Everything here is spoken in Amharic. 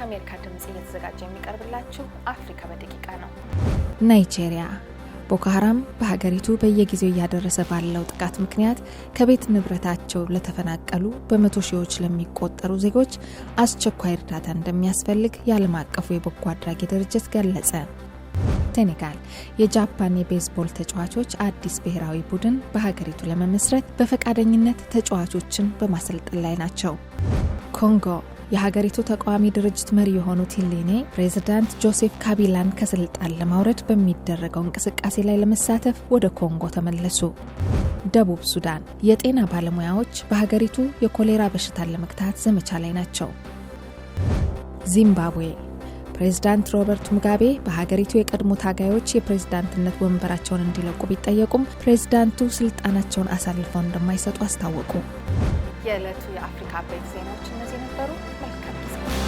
ከአሜሪካ ድምፅ እየተዘጋጀ የሚቀርብላችሁ አፍሪካ በደቂቃ ነው። ናይጄሪያ ቦኮ ሀራም በሀገሪቱ በየጊዜው እያደረሰ ባለው ጥቃት ምክንያት ከቤት ንብረታቸው ለተፈናቀሉ በመቶ ሺዎች ለሚቆጠሩ ዜጎች አስቸኳይ እርዳታ እንደሚያስፈልግ የዓለም አቀፉ የበጎ አድራጊ ድርጅት ገለጸ። ሴኔጋል የጃፓን የቤዝቦል ተጫዋቾች አዲስ ብሔራዊ ቡድን በሀገሪቱ ለመመስረት በፈቃደኝነት ተጫዋቾችን በማሰልጠን ላይ ናቸው። ኮንጎ የሀገሪቱ ተቃዋሚ ድርጅት መሪ የሆኑት ሂሌኔ ፕሬዚዳንት ጆሴፍ ካቢላን ከስልጣን ለማውረድ በሚደረገው እንቅስቃሴ ላይ ለመሳተፍ ወደ ኮንጎ ተመለሱ። ደቡብ ሱዳን የጤና ባለሙያዎች በሀገሪቱ የኮሌራ በሽታን ለመግታት ዘመቻ ላይ ናቸው። ዚምባብዌ ፕሬዚዳንት ሮበርት ሙጋቤ በሀገሪቱ የቀድሞ ታጋዮች የፕሬዝዳንትነት ወንበራቸውን እንዲለቁ ቢጠየቁም ፕሬዝዳንቱ ስልጣናቸውን አሳልፈው እንደማይሰጡ አስታወቁ። የዕለቱ የአፍሪካ ቤት ዜናዎች እነዚህ ነበሩ። መልካም ጊዜ